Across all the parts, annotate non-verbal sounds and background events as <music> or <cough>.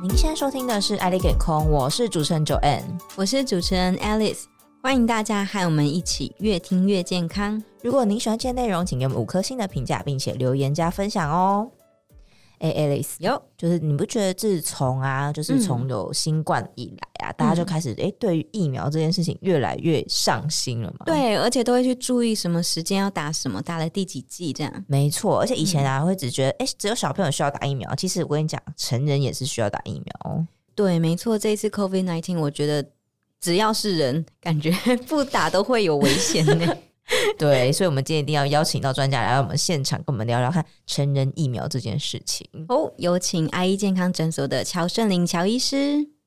您現在收聽的是《愛麗給空》，我是主持人 Joanne，我是主持人 Alice，歡迎大家和我們一起越聽越健康。如果您喜歡這些內容，請給我們五顆星的評價，並且留言加分享哦。哎，欸，Alice，有，就是你不覺得自從啊，就是從有新冠以來。嗯大家就開始哎、嗯欸，對於疫苗這件事情越來越上心了嘛？對，而且都會去注意什麼時間要打什麼，打了第幾劑這樣。沒錯，而且以前啊、嗯、會只覺得哎、欸，只有小朋友需要打疫苗，其實我跟你講，成人也是需要打疫苗。對，沒錯，這一次 COVID nineteen，我覺得只要是人，感覺不打都會有危險的。 <laughs> 對，所以，我們今天一定要邀請到專家來，讓我們現場跟我們聊聊看成人疫苗這件事情。哦，有請愛醫健康診所的喬聖琳喬醫師。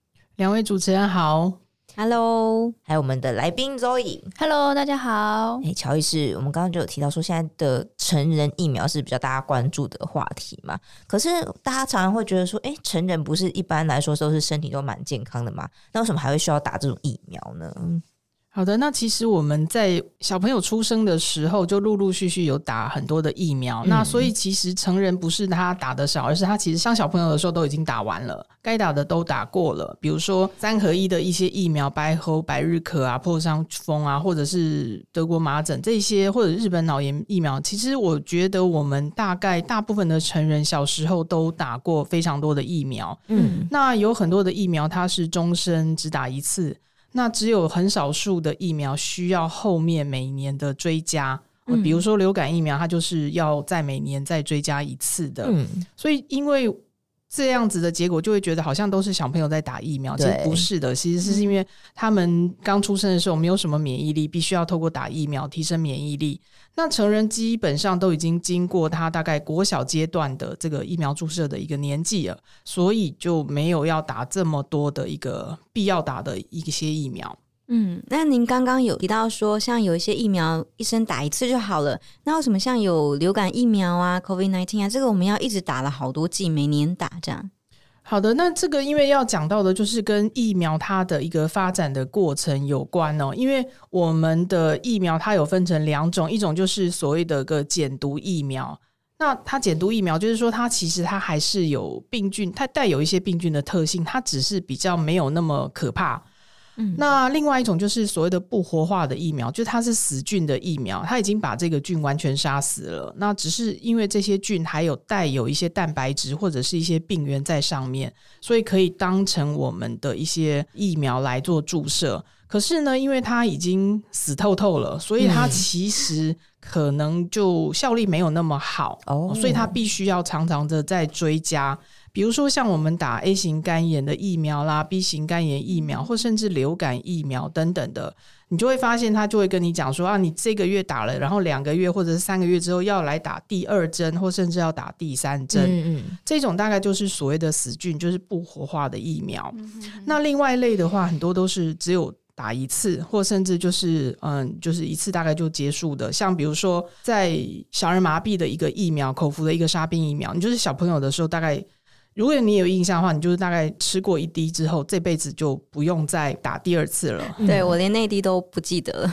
兩位主持人好，Hello，還有我們的來賓 Zoey，Hello，大家好。哎、欸，喬醫師，我們剛剛就有提到說，現在的成人疫苗是比較大家關注的話題嘛？可是大家常常會覺得說，哎、欸，成人不是一般來說都是身體都蠻健康的嘛？那為什麼還會需要打這種疫苗呢？好的，那其實我們在小朋友出生的時候就陸陸續續有打很多的疫苗，嗯，那所以其實成人不是他打得少，而是他其實像小朋友的時候都已經打完了，該打的都打過了，比如說三合一的一些疫苗，白喉、百日咳啊、破傷風啊，或者是德國麻疹這些，或者日本腦炎疫苗。其實我覺得我們大概大部分的成人小時候都打過非常多的疫苗，嗯，那有很多的疫苗它是終身只打一次。那只有很少數的疫苗需要後面每年的追加，嗯，比如說流感疫苗，它就是要在每年再追加一次的。嗯，所以因為。這樣子的結果就會覺得好像都是小朋友在打疫苗，其實不是的，對其實是因為他們剛出生的時候沒有什麼免疫力，必須要透過打疫苗提升免疫力。那成人基本上都已經經過他大概國小階段的這個疫苗注射的一個年紀了，所以就沒有要打這麼多的一個必要打的一些疫苗。嗯，那您剛剛有提到說，像有一些疫苗，一生打一次就好了。那為什麼像有流感疫苗啊、COVID nineteen 啊，這個我們要一直打了好多劑，每年打這樣？好的，那這個因為要講到的就是跟疫苗它的一個發展的過程有關哦。因為我們的疫苗它有分成兩種，一種就是所謂的個減毒疫苗。那它減毒疫苗就是說，它其實它還是有病菌，它帶有一些病菌的特性，它只是比較沒有那麼可怕。那另外一種就是所謂的不活化的疫苗，就它是死菌的疫苗，它已經把這個菌完全殺死了。那只是因為這些菌還有帶有一些蛋白質或者是一些病原在上面，所以可以當成我們的一些疫苗來做注射。可是呢，因為它已經死透透了，所以它其實可能就效力沒有那麼好，嗯、所以它必須要常常的再追加。比如說像我們打 A 型肝炎的疫苗啦、B 型肝炎疫苗，或甚至流感疫苗等等的，你就會發現他就會跟你講說啊，你這個月打了，然後兩個月或者是三個月之後要來打第二針，或甚至要打第三針。嗯嗯，這種大概就是所謂的死菌，就是不活化的疫苗。嗯嗯，那另外一類的話，很多都是只有打一次，或甚至就是嗯，就是一次大概就結束的。像比如說在小兒麻痹的一個疫苗，口服的一個沙賓疫苗，你就是小朋友的時候大概。如果你有印象的話，你就是大概吃過一滴之後，這輩子就不用再打第二次了。對，我連那一滴都不記得了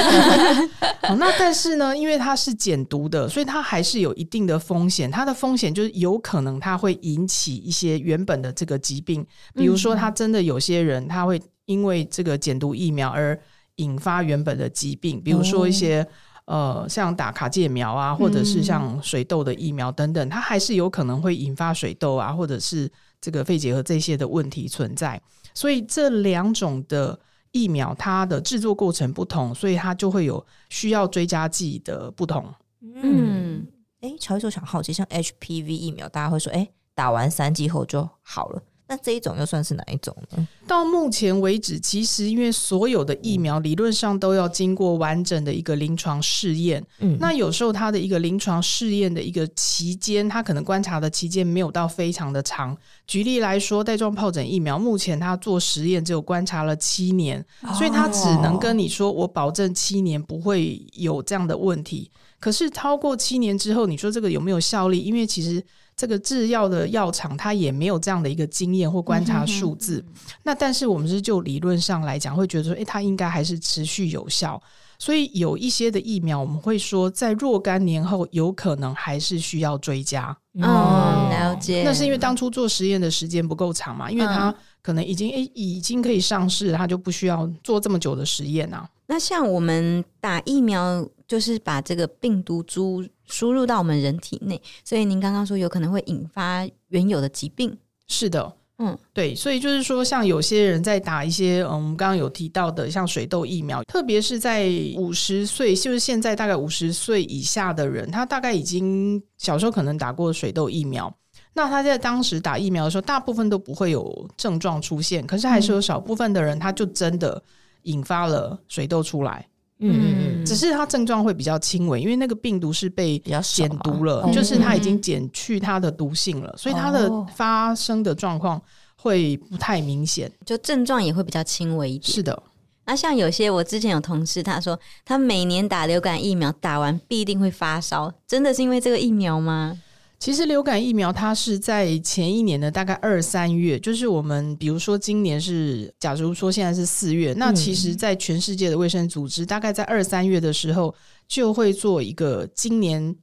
<laughs> <laughs> 好。那但是呢，因為它是減毒的，所以它還是有一定的風險。它的風險就是有可能它會引起一些原本的這個疾病，嗯、比如說他真的有些人他會因為這個減毒疫苗而引發原本的疾病，嗯、比如說一些。呃，像打卡介苗啊，或者是像水痘的疫苗等等，嗯、它還是有可能會引發水痘啊，或者是這個肺結核這些的問題存在。所以這兩種的疫苗，它的製作過程不同，所以它就會有需要追加劑的不同。嗯，嗯誒，喬醫生，我想好奇，像 HPV 疫苗，大家會說，誒，打完三劑後就好了。那這一種又算是哪一種呢？到目前為止，其實因為所有的疫苗理論上都要經過完整的一個臨床試驗。嗯，那有時候它的一個臨床試驗的一個期間，它可能觀察的期間沒有到非常的長。舉例來說，帶狀皰疹疫苗目前它做實驗只有觀察了七年，所以它只能跟你說，我保證七年不會有這樣的問題。哦。可是超過七年之後，你說這個有沒有效力？因為其實。這個製藥的藥廠，它也沒有這樣的一個經驗或觀察數字。嗯、哼那但是我們是就理論上來講，會覺得說，誒、欸，它應該還是持續有效。所以有一些的疫苗，我們會說，在若干年後，有可能還是需要追加。嗯、哦，了解。那是因為當初做實驗的時間不夠長嘛？因為它可能已經誒、欸，已經可以上市，它就不需要做這麼久的實驗啊。那像我們打疫苗。就是把這個病毒株輸入到我們人體內，所以您剛剛說有可能會引發原有的疾病。是的，嗯，對，所以就是說，像有些人在打一些，嗯，我們剛剛有提到的，像水痘疫苗，特別是在五十歲，就是現在大概五十歲以下的人，他大概已經小時候可能打過水痘疫苗，那他在當時打疫苗的時候，大部分都不會有症狀出現，可是還是有少部分的人，嗯，他就真的引發了水痘出來。嗯嗯嗯，只是它症狀會比較輕微，因為那個病毒是被比較減毒了，嗯、就是它已經減去它的毒性了，嗯、所以它的發生的狀況會不太明顯，就症狀也會比較輕微一點。是的，那像有些我之前有同事他說，他每年打流感疫苗，打完必定會發燒，真的是因為這個疫苗嗎？其實流感疫苗它是在前一年的大概二三月，就是我們比如說今年是，假如說現在是四月，那其實，在全世界的衛生組織，大概在二三月的時候就會做一個今年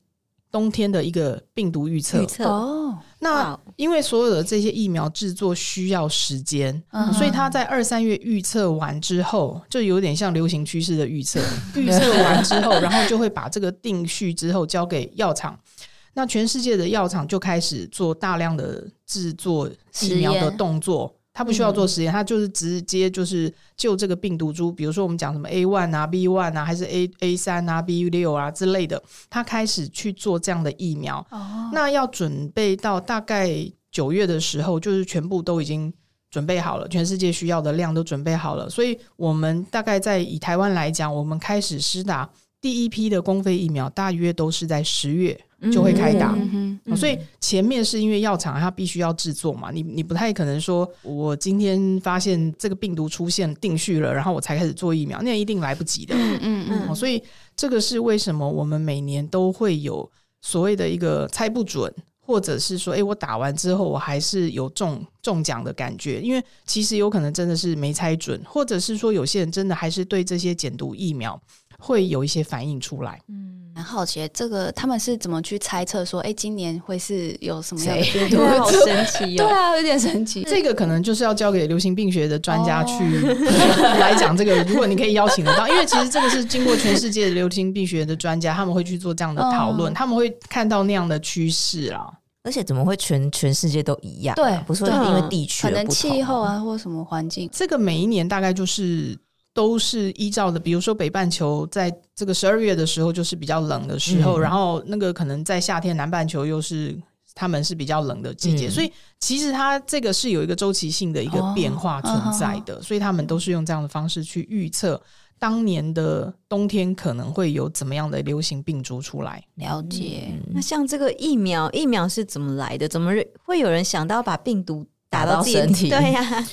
冬天的一個病毒預測。預測。哦，那因為所有的這些疫苗制作需要時間，哦、所以它在二三月預測完之後，就有點像流行趨勢的預測。 <laughs> 預測完之後，然後就會把這個定序之後交給藥廠。那全世界的藥廠就開始做大量的制作疫苗的動作，他驗不需要做實驗，他、嗯、就是直接就是就這個病毒株，比如說我們講什麼 A one 啊、B one 啊，還是 A A 三啊、B 六啊之類的，他開始去做這樣的疫苗。哦、那要準備到大概九月的時候，就是全部都已經準備好了，全世界需要的量都準備好了。所以，我們大概在以台灣來講，我們開始施打第一批的公費疫苗，大約都是在十月。就會開打、嗯嗯哦，所以前面是因為藥廠它必須要製作嘛，嗯、你你不太可能說，我今天發現這個病毒出現定序了，然後我才開始做疫苗，那一定來不及的。嗯嗯、哦、所以這個是為什麼我們每年都會有所謂的一個猜不準，或者是說，誒，我打完之後我還是有中中獎的感覺，因為其實有可能真的是沒猜準，或者是說有些人真的還是對這些減毒疫苗。會有一些反應出來，嗯，很好奇這個他們是怎麼去猜測說，哎、欸，今年會是有什麼樣的？對,對,對，就好神奇、喔、對啊，有點神奇。是這個可能就是要交給流行病學的專家去、哦、來講這個。如果你可以邀請得到， <laughs> 因為其實這個是經過全世界流行病學的專家，他們會去做這樣的討論，嗯、他們會看到那樣的趨勢啊，而且怎麼會全全世界都一樣、啊？對，不是因為地區、啊，可能氣候啊，或什麼環境。這個每一年大概就是。都是依照的，比如說北半球在這個十二月的時候就是比較冷的時候，嗯、然後那個可能在夏天，南半球又是他們是比較冷的季節，嗯、所以其實它這個是有一個週期性的一個變化存在的，哦、所以他們都是用這樣的方式去預測當年的冬天可能會有怎麼樣的流行病毒出來。了解。嗯、那像這個疫苗，疫苗是怎麼來的？怎麼會有人想到把病毒打到自己身體？對呀、啊。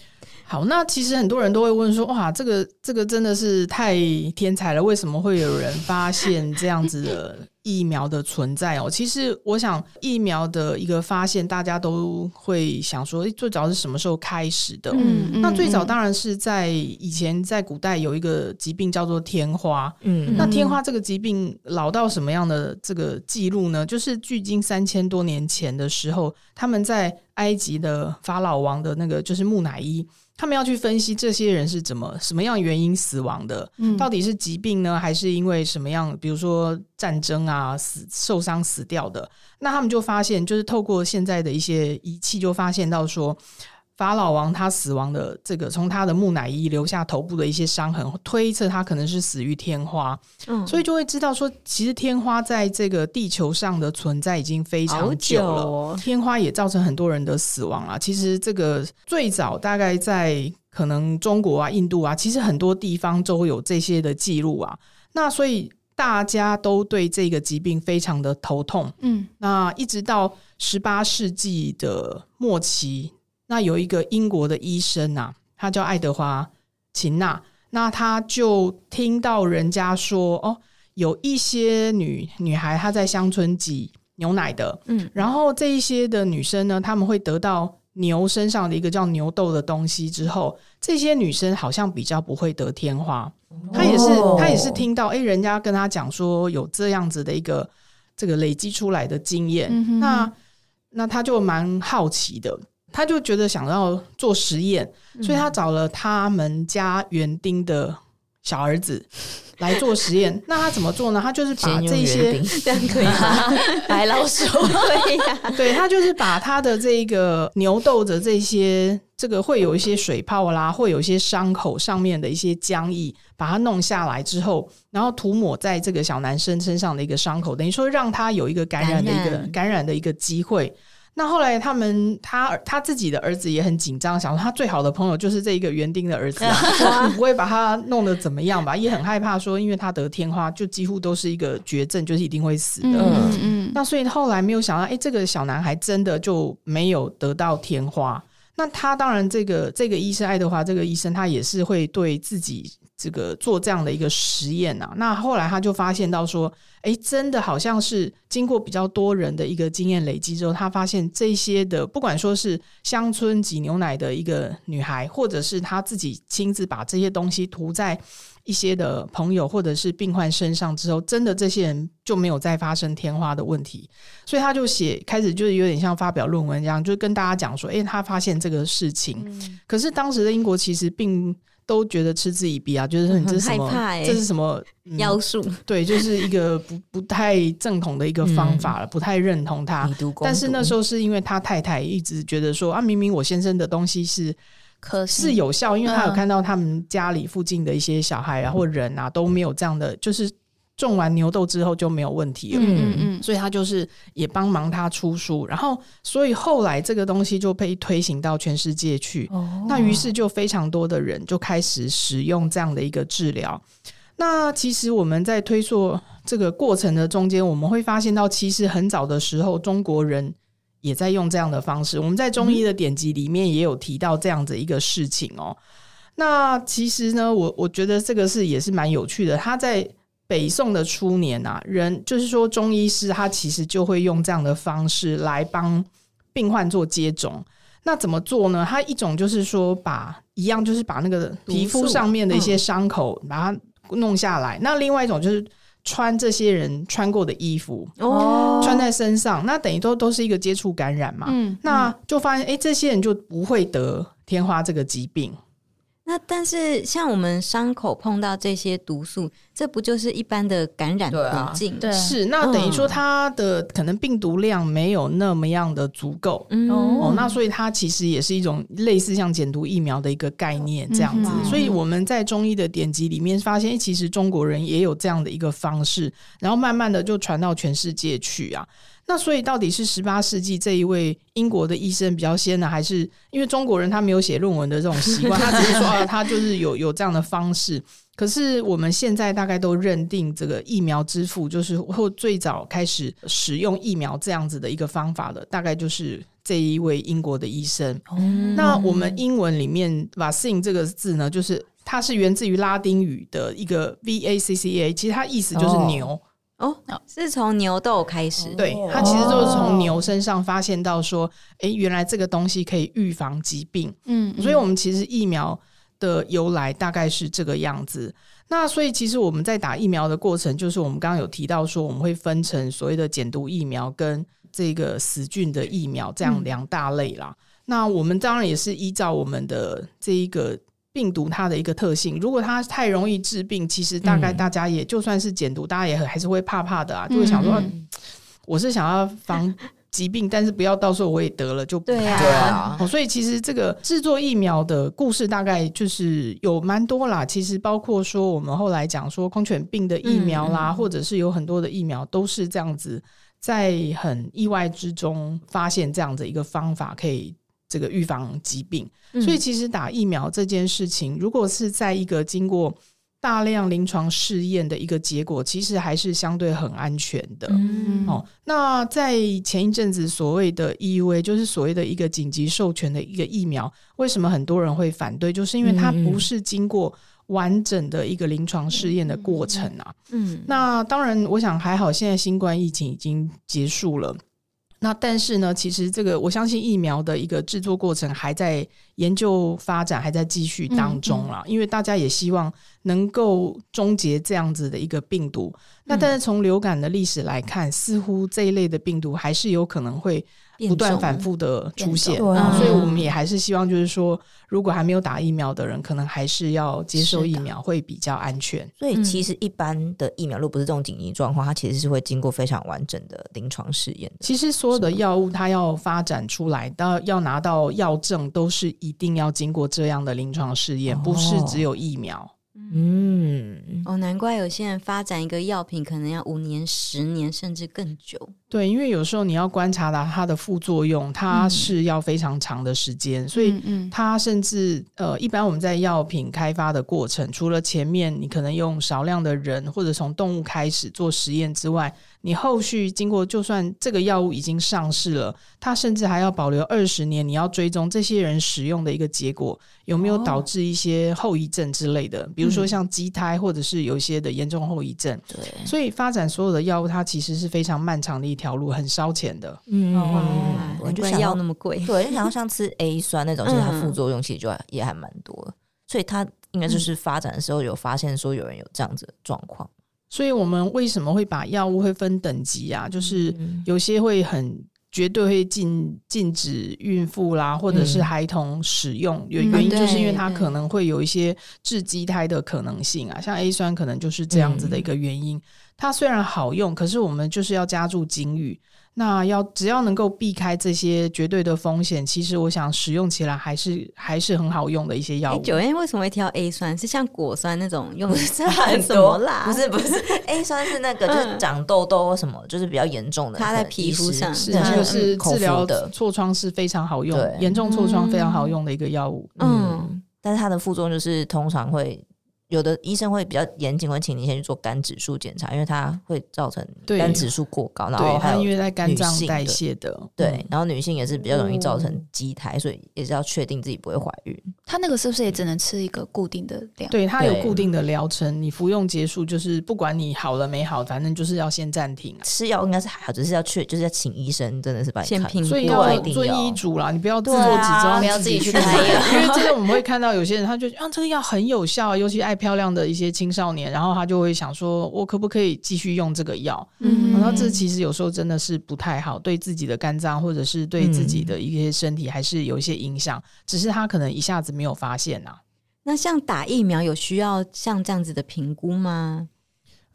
好，那其實很多人都會問說，哇，這個這個真的是太天才了，為什麼會有人發現這樣子的疫苗的存在哦？其實我想，疫苗的一個發現，大家都會想說，最早是什麼時候開始的？嗯，嗯那最早當然是在以前，在古代有一個疾病叫做天花，嗯，嗯那天花這個疾病老到什麼樣的這個記錄呢？就是距今三千多年前的時候，他們在埃及的法老王的那個就是木乃伊。他們要去分析這些人是怎麼、什麼樣原因死亡的，嗯、到底是疾病呢，還是因為什麼樣？比如說戰爭啊，死受傷死掉的，那他們就發現，就是透過現在的一些儀器，就發現到說。法老王他死亡的這個，從他的木乃伊留下頭部的一些傷痕，推測他可能是死於天花，嗯，所以就會知道說，其實天花在這個地球上的存在已經非常久了，好久哦、天花也造成很多人的死亡啊。其實這個最早大概在可能中國啊、印度啊，其實很多地方都有這些的記錄啊。那所以大家都對這個疾病非常的頭痛，嗯，那一直到十八世紀的末期，那有一個英國的醫生吶、啊，他叫愛德華·琴娜。那他就聽到人家說，哦，有一些女女孩她在鄉村擠牛奶的，嗯，然後這一些的女生呢，他們會得到牛身上的一個叫牛痘的東西之後，這些女生好像比較不會得天花。哦、他也是，她也是聽到，哎，人家跟他講說有這樣子的一個這個累積出來的經驗。嗯、哼哼。那，那他就蠻好奇的。他就覺得想要做實驗，所以他找了他們家園丁的小兒子來做實驗。嗯啊、那他怎麼做呢？他就是把這些 <laughs> 這對他就是把他的這個牛痘的這些這個會有一些水泡啦，Okay. 會有一些傷口上面的一些漿液，把它弄下來之後，然後塗抹在這個小男生身上的一個傷口，等於說讓他有一個感染的一個人感染的一個機會。那後來他，他們他他自己的兒子也很緊張，想說他最好的朋友就是這一個園丁的兒子，啊，你 <laughs> 不會把他弄得怎麼樣吧？也很害怕說，因為他得天花，就幾乎都是一個絕症，就是一定會死的。嗯、那所以後來沒有想到，哎，這個小男孩真的就沒有得到天花。那他當然，這個這個醫生愛德華，這個醫生他也是會對自己。這個做這樣的一個實驗啊,那後來他就發現到說，哎，真的好像是經過比較多人的一個經驗累積之後，他發現這些的，不管說是鄉村擠牛奶的一個女孩，或者是他自己親自把這些東西塗在一些的朋友或者是病患身上之後，真的這些人就沒有再發生天花的問題，所以他就寫開始就是有點像發表論文一樣，就跟大家講說，哎，他發現這個事情，嗯、可是當時的英國其實並。都覺得嗤之以鼻啊，就是很，你這是什麼，嗯欸、這是什麼、嗯、妖術，對，就是一個不不太正統的一個方法了，嗯、不太認同他。毒毒但是那時候是因為他太太一直覺得說啊，明明我先生的東西是，是，是有效，因為他有看到他們家裡附近的一些小孩啊、嗯、或人啊都沒有這樣的，就是。種完牛痘之後就沒有問題了嗯，嗯嗯，所以他就是也幫忙他出書，然後所以後來這個東西就被推行到全世界去，哦、那於是就非常多的人就開始使用這樣的一個治療。那其實我們在推溯這個過程的中間，我們會發現到其實很早的時候中國人也在用這樣的方式，我們在中醫的典籍裡面也有提到這樣的一個事情哦、喔。那其實呢，我我覺得這個是也是蠻有趣的，他在北宋的初年啊，人就是說中醫師他其實就會用這樣的方式來幫病患做接種。那怎麼做呢？他一種就是說把一樣，就是把那個皮膚上面的一些傷口把它弄下來。嗯、那另外一種就是穿這些人穿過的衣服，哦，穿在身上，那等於都都是一個接觸感染嘛。嗯，嗯那就發現哎、欸，這些人就不會得天花這個疾病。那但是像我們傷口碰到這些毒素，這不就是一般的感染途徑、啊？對，是。那等於說它的可能病毒量沒有那麼樣的足夠、嗯、哦。那所以它其實也是一種類似像減毒疫苗的一個概念這樣子。嗯、哼所以我們在中醫的典籍裡面發現，其實中國人也有這樣的一個方式，然後慢慢的就傳到全世界去啊。那所以到底是十八世紀這一位英國的醫生比較先呢、啊，還是因為中國人他沒有寫論文的這種習慣，他只是說啊， <laughs> 他就是有有這樣的方式。可是我們現在大概都認定這個疫苗之父，就是或最早開始使用疫苗這樣子的一個方法的，大概就是這一位英國的醫生。嗯、那我們英文裡面 vaccine 這個字呢，就是它是源自於拉丁語的一個 vacca，其實它意思就是牛。哦哦，oh, 是從牛痘開始，oh. 對，它其實就是從牛身上發現到說，哎、oh. 欸，原來這個東西可以預防疾病，嗯，所以我們其實疫苗的由來大概是這個樣子。嗯、那所以其實我們在打疫苗的過程，就是我們剛剛有提到說，我們會分成所謂的減毒疫苗跟這個死菌的疫苗這樣兩大類啦。嗯、那我們當然也是依照我們的這一個。病毒它的一個特性，如果它太容易致病，其實大概大家也、嗯、就算是減毒，大家也還是會怕怕的啊，嗯嗯就會想說，我是想要防疾病， <laughs> 但是不要到時候我也得了就不對啊，對啊、哦。所以其實這個制作疫苗的故事大概就是有蠻多啦。其實包括說我們後來講說狂犬病的疫苗啦，嗯嗯或者是有很多的疫苗都是這樣子，在很意外之中發現這樣的一個方法可以這個預防疾病，所以其實打疫苗這件事情，如果是在一個經過大量臨床試驗的一個結果，其實還是相對很安全的。嗯、哦，那在前一陣子所謂的 EUA，就是所謂的一個緊急授權的一個疫苗，為什麼很多人會反對？就是因為它不是經過完整的一個臨床試驗的過程啊。嗯，嗯，那當然，我想還好，現在新冠疫情已經結束了。那但是呢，其實這個我相信疫苗的一個製作過程還在研究發展，還在繼續當中啦。嗯、因為大家也希望能夠終結這樣子的一個病毒。那但是從流感的歷史來看，嗯、似乎這一類的病毒還是有可能會。不斷反覆的出現，啊、所以我們也還是希望，就是說，如果還沒有打疫苗的人，可能還是要接受疫苗的會比較安全。所以其實一般的疫苗，如果不是這種緊急狀況，它其實是會經過非常完整的臨床試驗。其實所有的藥物，它要發展出來到要拿到藥證，都是一定要經過這樣的臨床試驗，哦、不是只有疫苗。嗯，哦，難怪有些人發展一個藥品可能要五年、十年甚至更久。對，因為有時候你要觀察到它的副作用，它是要非常長的時間，嗯、所以它甚至呃，一般我們在藥品開發的過程，除了前面你可能用少量的人或者從動物開始做實驗之外，你後續經過，就算這個藥物已經上市了，它甚至還要保留二十年，你要追蹤這些人使用的一個結果，有沒有導致一些後遺症之類的，比如說像畸胎或者是有一些的嚴重後遺症。對、嗯，所以發展所有的藥物，它其實是非常漫長的一條路，很燒錢的。嗯，嗯，我就想要那麼貴，對，就想要像吃 A 酸那種， <laughs> 嗯、其實它副作用其實就還也還蠻多，所以它應該就是發展的時候有發現說有人有這樣子的狀況。所以我們為什麼會把藥物會分等級啊？就是有些會很絕對會禁禁止孕婦啦，或者是孩童使用，原、嗯、原因就是因為它可能會有一些致畸胎的可能性啊，嗯、像 A 酸可能就是這樣子的一個原因。嗯、它雖然好用，可是我們就是要加註警語。那要只要能夠避開這些絕對的風險，其實我想使用起來還是還是很好用的一些藥物。欸、Joanne 為什麼會挑 A 酸？是像果酸那種用的真很多啦？不是不是 <laughs> ，A 酸是那個就是長痘痘什麼，嗯、就是比較嚴重的，它在皮膚上是，對就是治療的痤瘡是非常好用，嚴對重痤瘡非常好用的一個藥物。嗯，嗯嗯但是它的副作用就是通常會。有的醫生會比較嚴謹，會請你先去做肝指數檢查，因為它會造成肝指數過高。對然後還有因為在肝臟代謝的，對，然後女性也是比較容易造成畸胎，嗯、所以也是要確定自己不會懷孕。他那個是不是也只能吃一個固定的量？嗯、對他有固定的療程，你服用結束就是不管你好了沒好，反正就是要先暫停、啊、吃藥，應該是還好，只是要確就是要請醫生，真的是把你的先停，所以要遵醫囑啦。啊、你不要自作主張，不要、啊、自己去開藥， <laughs> 因為真的我們會看到有些人，他就啊這個藥很有效，尤其愛。漂亮的一些青少年，然後他就會想說，我可不可以繼續用這個藥？嗯，那這其實有時候真的是不太好，對自己的肝臟或者是對自己的一些身體還是有一些影響，嗯，只是他可能一下子沒有發現啊。那像打疫苗有需要像這樣子的評估嗎？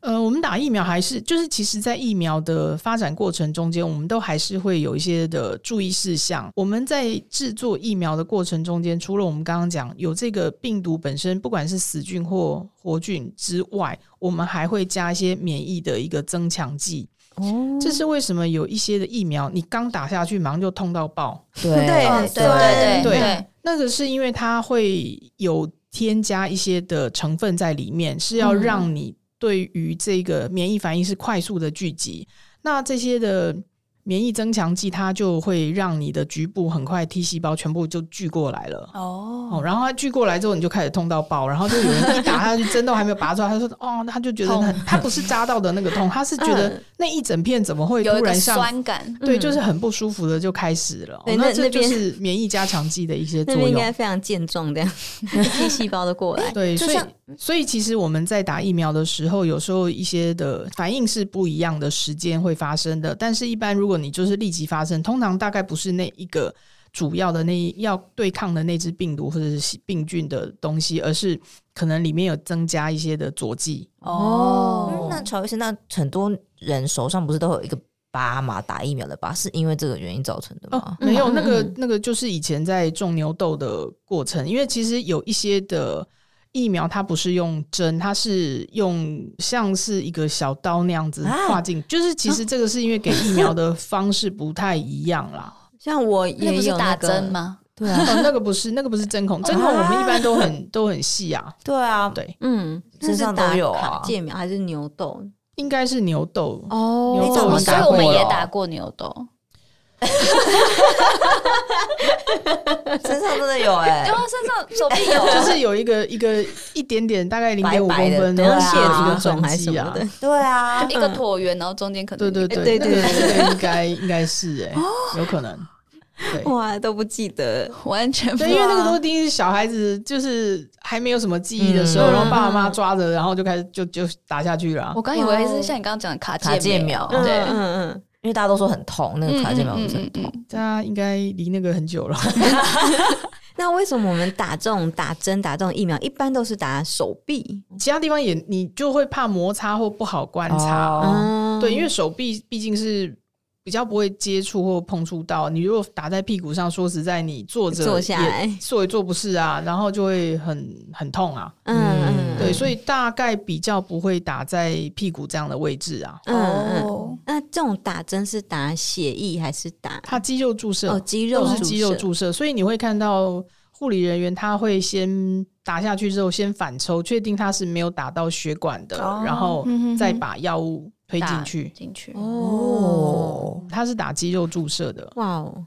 呃，我們打疫苗還是就是，其實，在疫苗的發展過程中間，我們都還是會有一些的注意事項。我們在制作疫苗的過程中間，除了我們剛剛講有這個病毒本身，不管是死菌或活菌之外，我們還會加一些免疫的一個增強劑。哦，這是為什麼有一些的疫苗你剛打下去，馬上就痛到爆？對、哦、對對對對，那個是因為它會有添加一些的成分在裡面，是要讓你。對於這個免疫反應是快速的聚集，那這些的免疫增強劑，它就會讓你的局部很快 T 細胞全部就聚過來了。哦，oh. 然後它聚過來之後，你就開始痛到爆，然後就有人一打，它就針都還沒有拔出來，他說：“哦，他就覺得他不是扎到的那個痛，他是覺得。”那一整片怎麼會突然上有一酸感？嗯，對，就是很不舒服的就開始了。那，那，那這就是免疫加強劑的一些作用。應該非常健壯的，T 細胞的過來。對，像所以所以其實我們在打疫苗的時候，有時候一些的反應是不一樣的，時間會發生的。但是，一般如果你就是立即發生，通常大概不是那一個。主要的那一要對抗的那只病毒或者是病菌的東西，而是可能裡面有增加一些的佐劑哦。嗯、那喬醫生，那很多人手上不是都有一個疤嗎？打疫苗的疤是因為這個原因造成的嗎？哦、沒有，那個那個就是以前在種牛痘的過程，因為其實有一些的疫苗它不是用針，它是用像是一個小刀那樣子劃進，啊、就是其實這個是因為給疫苗的方式不太一樣啦。 <laughs> 像我也有打針嗎？對啊，那個不是那個不是針孔，針孔我們一般都很都很細啊。對啊，對，嗯，身上都有啊。介苗還是牛痘？應該是牛痘哦，牛痘，所以我們也打過牛痘。身上真的有哎，因為身上手臂有，就是有一個一個一點點，大概零點五公分的個對啊，一個橢圓，然後中間可能對對對對對，應該應該是哎，有可能。對哇，都不記得，完全不記得、啊。因為那個第一次小孩子就是還沒有什麼記憶的時候，嗯、然後爸爸媽媽抓着，然後就開始就就打下去了、啊。哇我剛以為還是像你剛剛講的卡介苗，嗯、對，嗯嗯。因為大家都說很痛，那個卡介苗很痛，大家、嗯嗯嗯、應該離那個很久了。 <laughs> 那為什麼我們打這種打針、打這種疫苗，一般都是打手臂？其他地方也你就會怕摩擦或不好觀察，哦、對，因為手臂畢竟是。比較不會接觸或碰觸到你。如果打在屁股上，說實在，你坐着坐下來，坐也坐不是啊，然後就會很很痛啊。嗯，嗯對，嗯、所以大概比較不會打在屁股這樣的位置啊。嗯嗯、哦，那這種打針是打血液還是打？它肌肉注射哦，肌肉都是肌肉注射，所以你會看到護理人員他會先打下去之後先反抽，確定他是沒有打到血管的，哦、然後再把藥物。推進去，進去哦，它是打肌肉注射的。哇哦，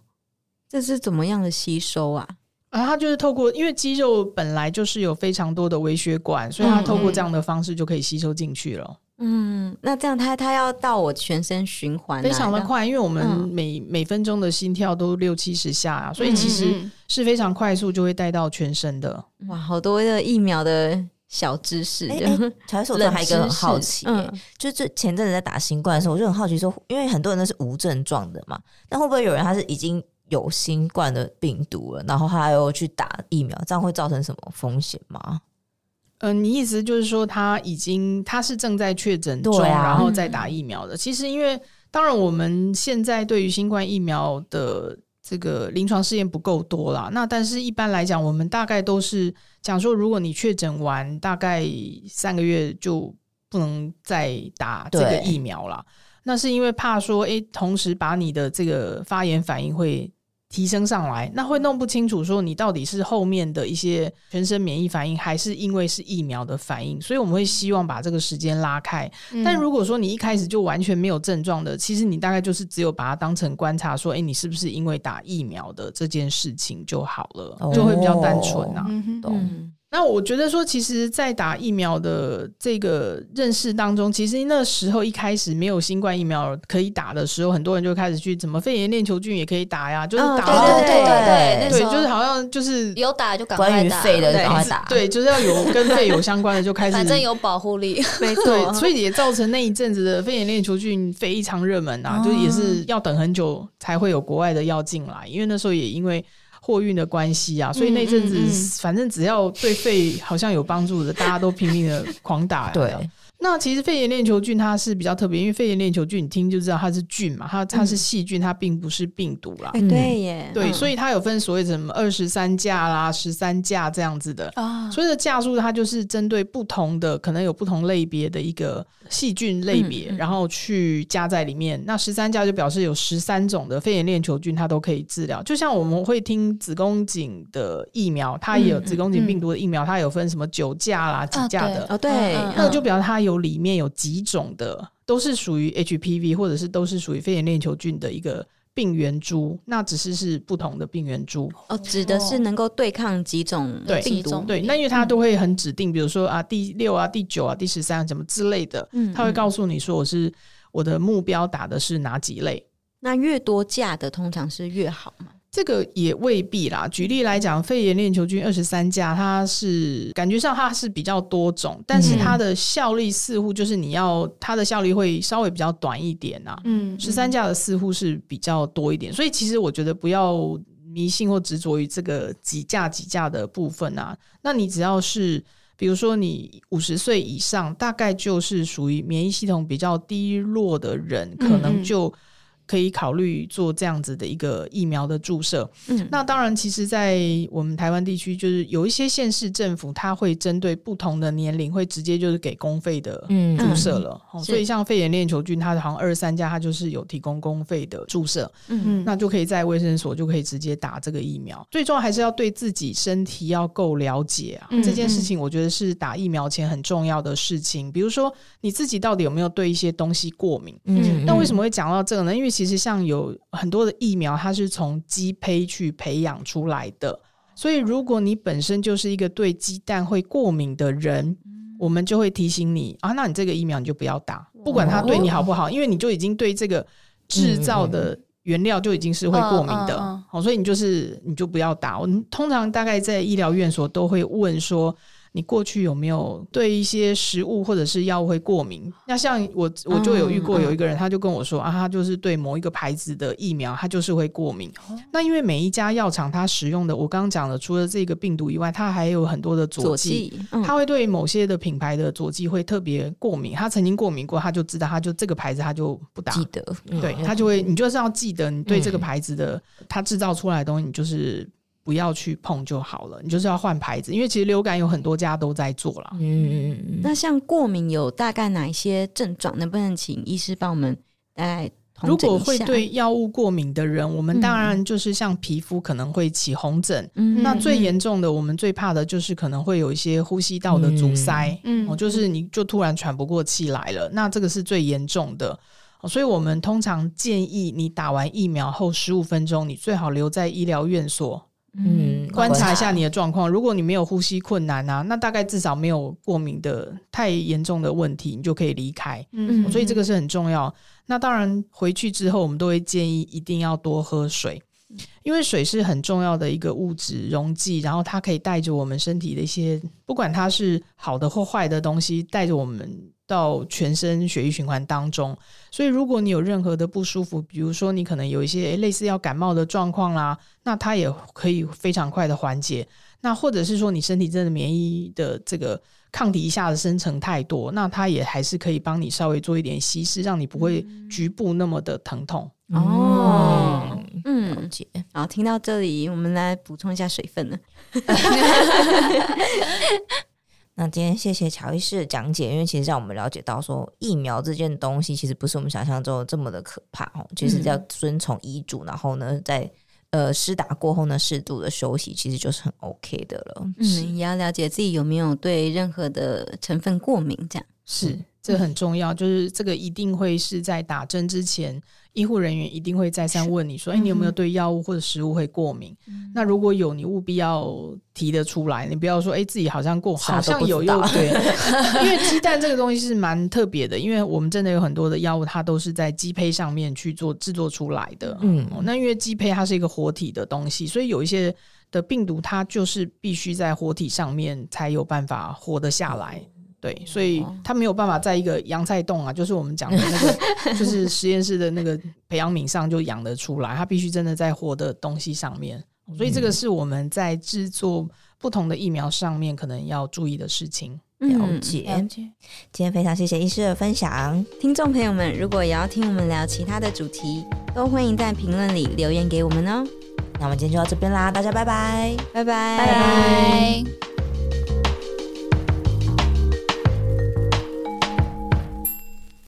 這是怎麼樣的吸收啊？啊，它就是透過，因為肌肉本來就是有非常多的微血管，所以它透過這樣的方式就可以吸收進去了嗯。嗯，那這樣它它要到我全身循環非常的快，因為我們每、嗯、每分鐘的心跳都六七十下，啊，所以其實是非常快速就會帶到全身的嗯嗯嗯。哇，好多的疫苗的。小知識、欸，哎、欸，還一個很好奇、欸，嗯、就是前陣子在打新冠的時候，我就很好奇說，因為很多人都是無症狀的嘛，那會不會有人他是已經有新冠的病毒了，然後他又去打疫苗，這樣會造成什麼風險嗎？嗯，你意思就是說他已經他是正在確診中，對啊、然後再打疫苗的。其實因為當然我們現在對於新冠疫苗的。這個臨床試驗不夠多啦，那但是一般來講，我們大概都是講說，如果你確診完，大概三個月就不能再打這個疫苗啦。對那是因為怕說，哎、欸，同時把你的這個發炎反應會。提升上來，那會弄不清楚說你到底是後面的一些全身免疫反應，還是因為是疫苗的反應。所以我們會希望把這個時間拉開。嗯、但如果說你一開始就完全沒有症狀的，其實你大概就是只有把它當成觀察說，說、欸、哎，你是不是因為打疫苗的這件事情就好了，就會比較單純吶。懂。那、啊、我覺得說，其實，在打疫苗的這個認識當中，其實那時候一開始沒有新冠疫苗可以打的時候，很多人就開始去怎麼肺炎鏈球菌也可以打呀？Oh、就是打了，了對對對對，對，就是好像就是有打就趕快打，對，對，對，就是要有跟肺有相關的就開始， <laughs> 反正有保護力對，對，所以也造成那一陣子的肺炎鏈球菌非常熱門吶、啊，oh. 就也是要等很久才會有國外的藥進來，因為那時候也因為。貨運的關係啊，所以那陣子，反正只要對肺好像有幫助的，嗯嗯嗯，大家都拼命的狂打啊。 <laughs> 對。那其實肺炎鏈球菌它是比較特別，因為肺炎鏈球菌你聽就知道它是菌嘛，它它是細菌，它並不是病毒啦。嗯嗯、對耶，對，嗯、所以它有分所謂的什麼二十三價啦、十三價這樣子的、哦、所以的價數，它就是針對不同的，可能有不同類別的一個細菌類別，嗯嗯、然後去加在裡面。那十三價就表示有十三種的肺炎鏈球菌，它都可以治療。就像我們會聽子宮頸的疫苗，它也有、嗯、子宮頸病毒的疫苗，它有分什麼九價啦、幾價的哦，對，那就表示它有。裡面有幾種的都是屬於 HPV，或者是都是屬於肺炎鏈球菌的一個病原株，那只是是不同的病原株哦，指的是能夠對抗幾種、哦、對幾種病毒，對，那因為它都會很指定，比如說啊第六啊第九啊第十三、啊、什麼之類的，他、嗯嗯、會告訴你說我是我的目標打的是哪幾類，那越多價的通常是越好嘛。這個也未必啦。舉例來講，肺炎鏈球菌二十三價，它是感覺上它是比較多種，但是它的效力似乎就是你要它的效力會稍微比較短一點啊。嗯，十三價的似乎是比較多一點，所以其實我覺得不要迷信或執着於這個幾價、幾價的部分啊。那你只要是比如說你五十歲以上，大概就是屬於免疫系統比較低落的人，嗯、可能就。可以考慮做這樣子的一個疫苗的注射。嗯，那當然，其實，在我們台灣地區，就是有一些縣市政府，它會針對不同的年齡，會直接就是給公費的注射了。所以，像肺炎鏈球菌，它好像二十三價，它就是有提供公費的注射。嗯嗯，那就可以在衛生所就可以直接打這個疫苗。最重要還是要對自己身體要夠了解啊！嗯、這件事情，我覺得是打疫苗前很重要的事情。比如說，你自己到底有沒有對一些東西過敏？嗯，那是、嗯、為什麼會講到這個呢？因為其實像有很多的疫苗，它是從雞胚去培養出來的，所以如果你本身就是一個對雞蛋會過敏的人，我們就會提醒你啊，那你這個疫苗你就不要打，不管他對你好不好，哦、因為你就已經對這個製造的原料就已經是會過敏的，好、嗯，所以你就是你就不要打。我們通常大概在醫療院所都會問說。你過去有沒有對一些食物或者是藥物會過敏？那像我我就有遇過有一個人，他就跟我說啊，他就是對某一個牌子的疫苗，他就是會過敏。那因為每一家藥廠他使用的，我剛剛講了，除了這個病毒以外，它還有很多的佐劑，它、嗯、會對某些的品牌的佐劑會特別過敏。他曾經過敏過，他就知道，他就這個牌子他就不打。記得，嗯、對他就會，你就是要記得，你對這個牌子的，它制、嗯、造出來的東西你就是。不要去碰就好了，你就是要換牌子，因為其實流感有很多家都在做了、嗯。嗯，那像過敏有大概哪一些症狀？能不能請醫師幫我們，如果會對藥物過敏的人，嗯、我們當然就是像皮膚可能會起紅疹，嗯嗯、那最嚴重的我們最怕的就是可能會有一些呼吸道的阻塞，嗯，嗯嗯，就是你就突然喘不過氣來了，嗯、那這個是最嚴重的。所以我們通常建議你打完疫苗後十五分鐘，你最好留在醫療院所。嗯，觀察一下你的狀況。察如果你沒有呼吸困難啊，那大概至少沒有過敏的太嚴重的問題，你就可以離開。嗯哼，所以這個是很重要。那當然回去之後，我們都會建議一定要多喝水，因為水是很重要的一個物質溶劑，然後它可以帶着我們身體的一些，不管它是好的或壞的東西，帶着我們。到全身血液循環當中，所以如果你有任何的不舒服，比如說你可能有一些類似要感冒的狀況啦，那它也可以非常快的緩解。那或者是說你身體真的免疫的這個抗體一下子生成太多，那它也還是可以幫你稍微做一點稀釋，讓你不會局部那麼的疼痛。嗯、哦，嗯，嗯好，好，聽到這裡，我們來補充一下水分呢。 <laughs> <laughs> 那今天謝謝喬醫師的講解，因為其實讓我們了解到說，說疫苗這件東西其實不是我們想象中這麼的可怕哦，就是要遵從醫囑，然後呢，在呃施打過後呢，適度的休息，其實就是很 OK 的了。是，嗯，也要了解自己有沒有對任何的成分過敏，這樣是這很重要，就是這個一定會是在打針之前。醫護人員一定會再三問你說：“欸、你有沒有對藥物或者食物會過敏？嗯、哼那如果有，你務必要提得出來。你不要說、欸、自己好像過好，好像有，對，因為雞蛋這個東西是蠻特別的，因為我們真的有很多的藥物，它都是在雞胚上面去做制作出來的。嗯、哦，那因為雞胚它是一個活體的東西，所以有一些的病毒，它就是必須在活體上面才有辦法活得下來。嗯”對，所以他沒有辦法在一個洋菜洞啊，就是我們講的那個， <laughs> 就是實驗室的那個培養皿上就養得出來。他必須真的在活的東西上面，所以這個是我們在製作不同的疫苗上面可能要注意的事情。了解、嗯，了解。了解。今天非常謝謝醫師的分享，聽眾朋友們，如果也要聽我們聊其他的主題，都歡迎在評論裡留言給我們哦。那我們今天就到這邊啦，大家拜拜，拜拜，拜拜。